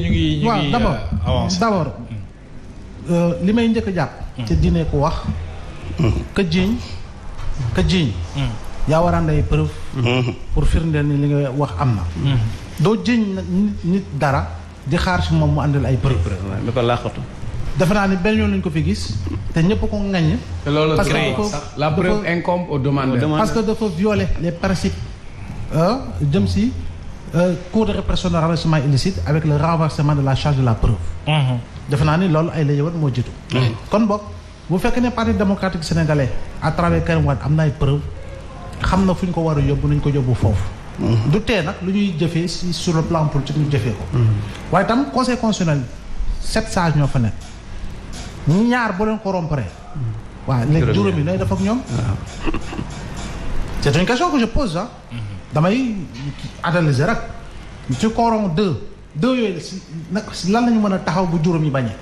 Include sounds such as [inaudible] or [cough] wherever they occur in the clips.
ñu ngi ñu ngi d'abord euh, d'abord euh, li may njëkk a jàpp. Mm. ci dine ko wax. Mm. ka jiiñ ka jiiñ. Mm. yaa war preuve. pour firndeel ni li nga wax am na. doo nit dara di xaar si moom mu àndal ay preuve. lu ko laaxatu. defe naa ni benn yoon lañ ko fi gis te ñëpp ko ŋaññ. te loolu la preuve incombe au demandeur. parce que dafa violer les principes euh, jëm si. Euh, Cour de répression de renversement illicite avec le renversement de la charge de la preuve. Mhm. defe naa ni ay kon bu ne parti démocratique sénégalais à travers preuve ko du sur le plan politique ñu ko. Mhm. conseil constitutionnel sages ñaar leen ko mhm. ak c'est une question que je pose hein. damay analyser rek ci coron deux deux yooyu si nag lan la mën a taxaw bu juróom yi bañee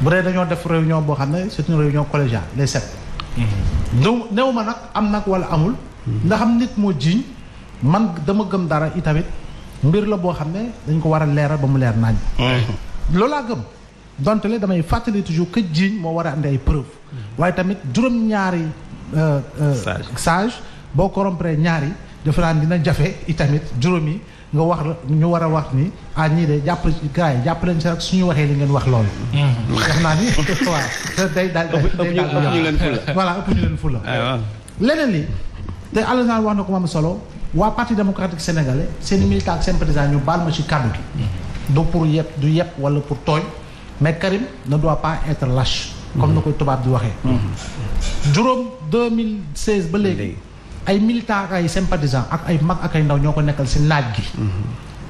bu dee dañoo def réunion boo xam ne c'est une réunion collégiale les set néew néew ma nag am nag wala amul ndaxam nit moo jiiñ man dama gëm dara itamit mbir la boo xam ne dañ ko war a leeral ba mu leer naañ loolu laa gëm donte le damay fàttali toujours que jiiñ moo war a andi ay preuve mm. waaye tamit juróom-ñaari euh, euh, sage boo corrompre ñaari defe naa dina jafe itamit juróomi nga wax ñu war a wax ni ah ñii de jàpp gars yi jàpp leen si rek suñu waxee li ngeen wax loolu. Mm-hmm. wax naa ni [laughs] [laughs] waaw te day daal day daal ëpp ñu ah, wax na ko moom solo waa parti démocratique sénégalais seen mm-hmm. militant ak seen président ñu baal ma ci kàddu gi. Mm-hmm. pour yëpp du yëpp wala pour tooñ mais Karim ne doit pas être lâche. comme na ko tubaab di waxee. juróom 2016 ba léegi. ay militants ak ay sympathisants ak ay mag ak ay ndaw ñoo ko nekkal si naaj gi.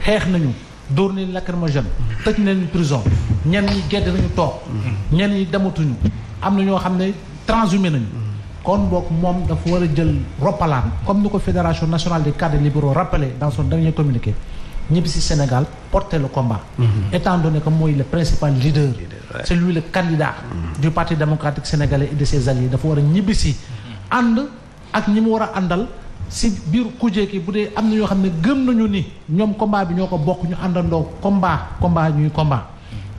xeex nañu dóor nañu lacrymogène tëj nañu prison ñenn ñi gedd nañu toog. ñen ñi dematuñu am na ñoo xam ne transhumé nañu. kon boog moom dafa war a jël roppalaan comme ni ko fédération nationale des cadres libéraux rappelé dans son dernier communiqué ñibbi si Sénégal porter le combat. Mhm. étant donné que mooy le principal leader. c'est lui le candidat. Mhm. du parti démocratique sénégalais et de ses a ñibbi si mhm. ànd. ak ñi mu war a àndal si biir kuje ki bu dee am na ñoo xam ne gëm nañu ni ñoom combat bi ñoo ko bokk ñu àndandoo combat combat ñuy combat.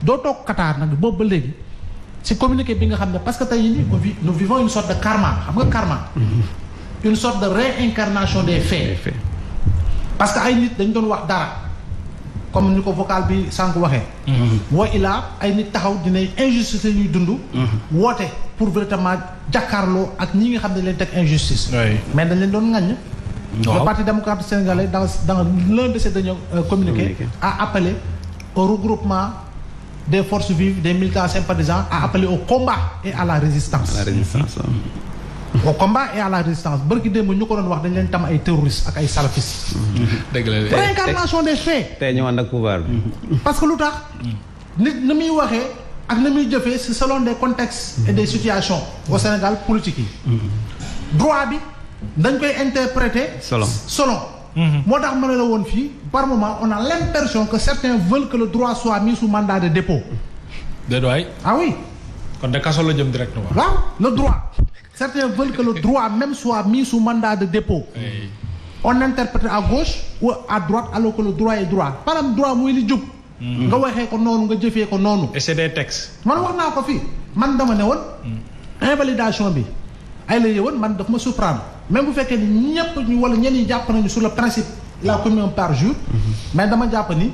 doo toog Qatar nag boobu ba léegi si communiqué bi nga xam ne parce que tey jii nous vivons une sorte de karma xam nga karma. Mm-hmm. une sorte de réincarnation des faits. parce que ay nit dañ doon wax dara. comme nous ko vocal bi sank waxee. wa mhm. ila ay nit taxaw dinay injustice la ñuy dund. Mhm. pour véritablement jàkkaarloo ak ñi nga xamné injustice. mais dañ leen doon le parti démocrate sénégalais dans dans l'un de ses derniers euh, communiqués a appelé au regroupement des forces vives des militants sympathisants a appelé au combat et À la résistance. Hein au combat et à la résistance bërki démb ñu ko doon wax dañ leen tam ay terroristes ak ay salafistes. réincarnation des faits. tey ñu ànd ak parce que nous, tax nit ni muy waxee ak ni muy selon des contextes. et des situations au Sénégal politique droit bi dañ koy selon selon. moo tax ma la par moment on a l'impression que certains veulent que le droit soit mis sous mandat de dépôt. De droit. ah oui. Quand de kaso directement. le droit. Certains veulent que le droit même soit mis sous mandat de dépôt. On interprète à gauche ou à droite alors que le droit est droit. Pas le droit, où il est nga ko et c'est des textes. man ko man dama mm. invalidation bi ay la man daf ma même ni ñu wala ñi nañu sur le principe la commune par jour. Mm-hmm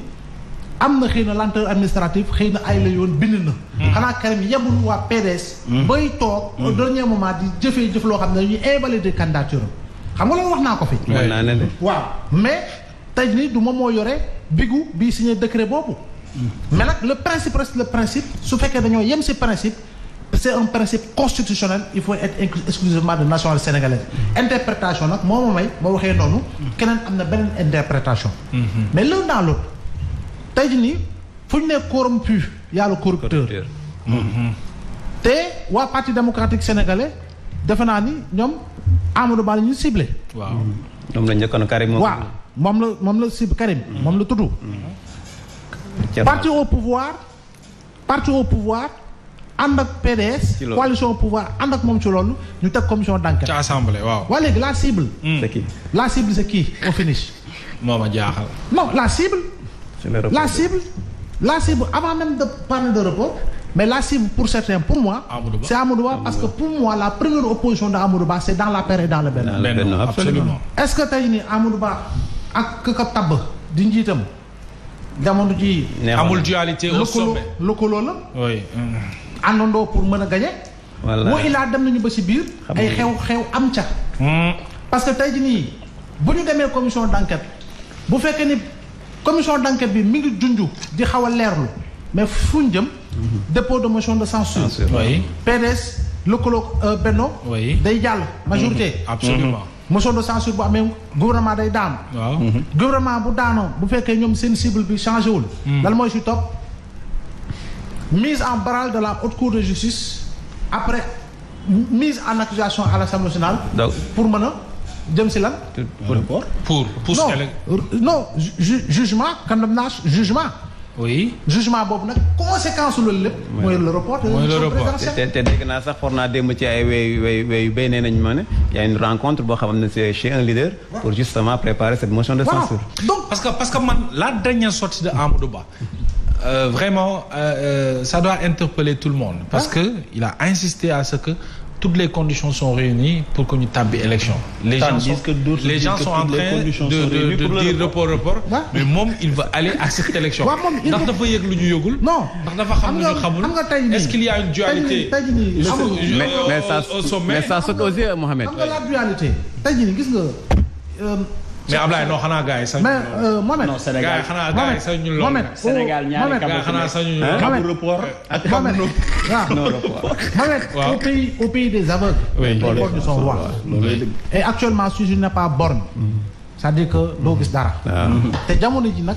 am na xëy na lenteur administrative xëy na ay la yoon bind na. Hmm. xanaa Karim yebul waa PDS. Hmm. bay toog hmm. au dernier moment di jëfee jëf loo xam ne dañuy invalider candidature xam nga loolu wax naa ko fi. waaw mais tey nii du moom moo yore bigu bi signé décret boobu. mais nag le principe reste le principe su fekkee dañoo yem si principe. c'est un principe constitutionnel il faut être exclusivement de national sénégalais. interprétation nag moo ma may ma waxee noonu. keneen am na beneen interprétation. mais le dans tey jii nii fu ñu ne corrompu y a le corrupteur mm-hmm. te waa parti démocratique sénégalais defe naa ni ñoom Amadou Ba la ñu ciblé. waaw moom la njëkkoon Karim waaw moom la moom la cible Karim. Mm-hmm. moom la tudd. parti au pouvoir parti au pouvoir ànd ak PDS. coalition au pouvoir ànd ak moom ci loolu ñu teg commission d'enquête. ca assemblée waaw. waa léegi la cible. c'est qui la cible c'est qui au finish. moo ma jaaxal. non la cible. La cible, la cible, avant même de parler de repos mais la cible pour certains, pour moi, c'est Amourouba parce que pour moi, la première opposition d'Amourouba c'est dans la paix et dans le Bénin. Est-ce que tu as dit Amoudouba, ak tab di njiitam qui ji amul dualité au sommet le la oui àndandoo pour mener a gañe il a dem nañu ba ci bir ay xew xew am ca hmm. parce que t'as dit vous bu une commission d'enquête bu fekké ni commission d'enquête bi mi ngi di xaw leerlu mais fu mhm. dépôt de motion de censure oui PDS lëkkaloo euh, Benno. oui day jàll majorité. Mhm. absolument mhm. motion de censure bu amee gouvernement day daanu. Le gouvernement bu daanoo bu fekkee ñoom seen cible bi changé wul. lan mooy si mise en branle de la haute cour de justice après mise en accusation à l'Assemblée nationale. pour mën jëm si lan. pour pour non non quand jugement condamnation jugement. oui jugement bob, nak conséquence loolu le report moy le report te te na sax forna dem ci ay y a une rencontre bo c'est chez un leader. pour justement préparer cette motion de censure. donc parce que parce que man la dernière sortie de Amadou Ba. Euh, vraiment, euh, euh ça doit interpeller tout le monde parce hein? qu'il a insisté à ce que toutes les conditions sont réunies pour qu'on ait l'élection. élection. Les gens sont, que en train de, de, dire report, report, mais Mom, il va aller à cette élection. Non, est-ce qu'il y a une dualité mais, mais, ça, se sommet Mais ça dualité, aux yeux, Mohamed. La dualité, mais Ablaye non xana gaay yi sax. mais euh, Mohamed non Sénégal gaay xana gaay sax ñu lool. Mohamed oh, Sénégal ñaari kabu xanaa sax ñu. kabu report ak kabu ah. non. non report Mohamed. waaw au pays au pays des aveugles. oui les borgnes sont rois. et actuellement si je n'ai pas borgne. Mm-hmm. c'est-à-dire que doo gis dara. Ah. te jamono ji nak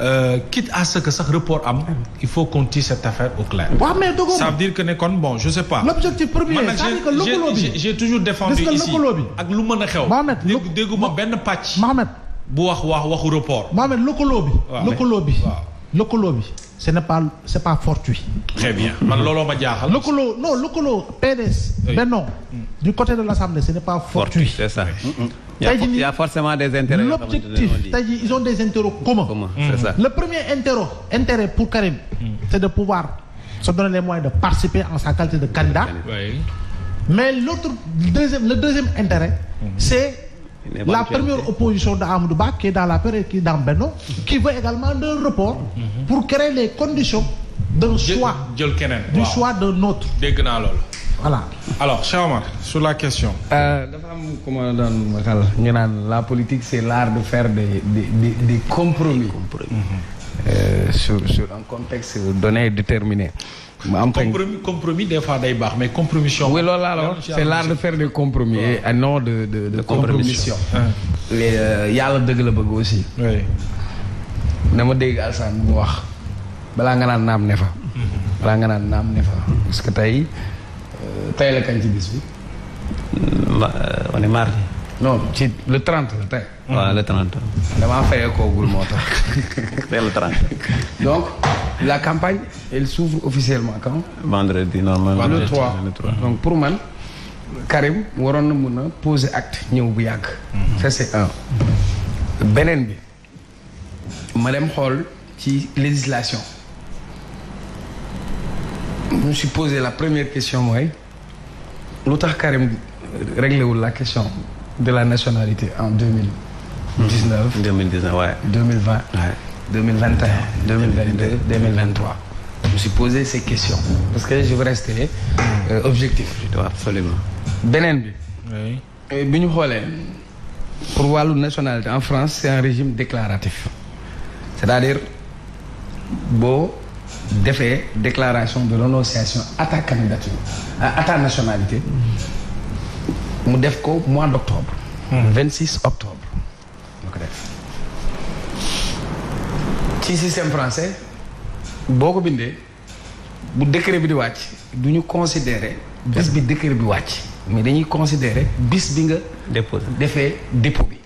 Euh, quitte à ce que sax report am il faut qu'on tisse cette affaire au clair. waaw mais dëggoo ça veut dire que ne kon bon je sais pas. l'objectif premier c'est que lëkkaloo j'ai toujours défendu ici ak lu mën xew. Mohamed dégguma ben patch. Mohamed bu wax wax waxu report. Mohamed lëkkaloo bi. lëkkaloo bi ce n'est pas c'est pas fortuit. très bien man looloo ma mais non PDS. oui ben du côté de l'Assemblée ce n'est pas fortuit. c'est ça. il y a forcément des intérêts. l'objectif ils ont des intérêts communs. ça mm. le premier intérêt intérêt pour Karim. Mm. c'est de pouvoir se donner les moyens de participer en sa qualité de candidat. mais l'autre deuxième le deuxième intérêt mm. c'est la première opposition d'Amadou qui est dans la période, qui est dans Beno, qui veut également un report pour créer les conditions d'un choix, du choix d'un autre. Voilà. Alors, Omar, sur la question. Euh, la politique, c'est l'art de faire des, compromis, euh, sur, sur un contexte donné et déterminé compromis compromis des fois des mais compromission. oui là c'est l'art de faire des compromis et non de de de compromission. mais euh, la aussi. oui. à moi Je wax nga parce que tu euh, as la Tu ci bis euh, on est mardi non c'est le 30 la le 30. c'est le 30. donc la campagne elle s'ouvre officiellement quand. vendredi normalement le 3 donc pour moi, Karim vous na poser acte mhm. ça c'est un. Le bi ma dem qui législation. je me suis posé la première question L'autre, L'autre Karim réglé la question de la nationalité en 2019. 2020, 2021, 2022, 2023. Je me suis posé ces questions parce que je veux rester euh, objectif. absolument. Benen, bi. oui. Euh, pour nationalité en France c'est un régime déclaratif c'est-à-dire beau défait, déclaration de renonciation à ta candidature à ta nationalité mu def ko mois d'octobre 26 hmm. octobre mu ko def. ci système français boo ko bindee bu décret bi di wàcc duñu considérer bis bi décret bi wàcc mais dañuy considérer bis bi nga. déposé defee dépôt bi